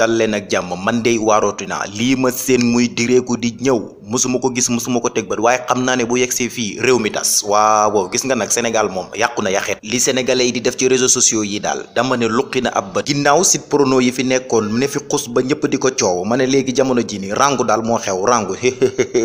dal leen ak jàmm man dey waarootu naa lii ma seen muy direeku di ñëw mosuma ko gis mosuma ko teg bët waaye xam naa ne bu yegsee fii réew mi tas waaw gis nga nag Sénégal moom yàqu na yaxeet li sénégalais yi di def ci réseaux sociaux yi daal dama ne luqi na ab bët ginnaaw site porno yi fi nekkoon ne fi xus ba ñëpp di ko coow ma ne léegi jamono ji ni rangu daal moo xew rangu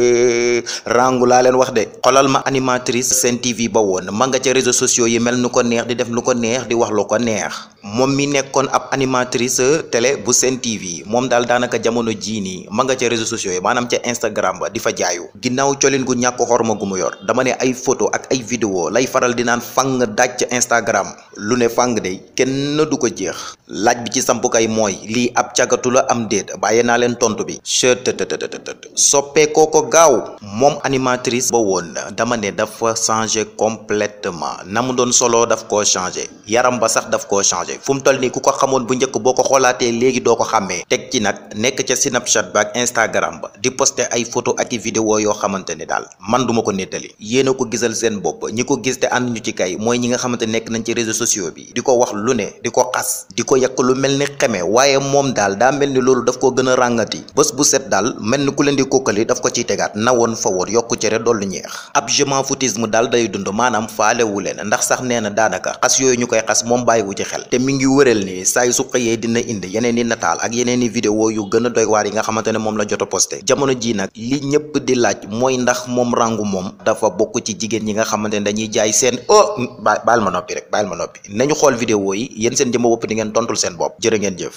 rangu laa leen wax de xolal ma animatrice Sen TV ba woon ma nga ca réseaux sociaux yi mel nu ko neex di def lu ko neex di wax lu ko neex moom mi nekkoon ab animatrice télé bu Sen TV moom daal daanaka jamono jii nii ma nga ca réseaux sociaux yi maanaam ca Instagram ba di fa jaayu ginnaaw colin gu ñàkk xorma gu mu yor dama ne ay photo ak ay vidéo lay faral di naan fang dàcc Instagram lu ne fang de kenn du ko jeex laaj bi ci sampukaay mooy lii ab cagatu la am déet bàyyee naa leen tontu bi chëtëtëtëtëtët soppeekoo ko gaaw moom animatrice ba woon dama ne dafa changé complètement na mu doon solo daf koo changé yaram ba sax daf koo changé fu mu toll nii ku ko xamoon bu njëkk boo ko xoolaatee léegi doo ko xàmmee teg ci nag nekk ak i vidéo yoo xamante ni daal man duma a ko gisal ko gis lu ne di ko xas di ko yàq lu ni xeme waaye koo gën a ràngati bu set daal mel ni ku leen di kokkali ko ciy tegaat na woon fa woon yokku cere dollu ñeex ab je m'en foutisme daal day dund maanaam faalewu leen ndax sax nee na daanaka xas yooyu ñu koy xas moom bàyyiwu ci xel te mi ngi wëral ni saa yu su dina indi yeneen i nataal ak yeneen i vidéo yu gën a doy waar yi nga xamante ne moom la jot a posté jamono ji nag li ñëpp di laaj mooy ndax moom rangu moom dafa bokk ci jigéen ñi nga xamante ne dañuy jaay seen oh baal ma noppi rek baal ma noppi nañu xool vidéo yi yéen seen jëmm bopp di ngeen tontul seen bopp jëre ngeen jëf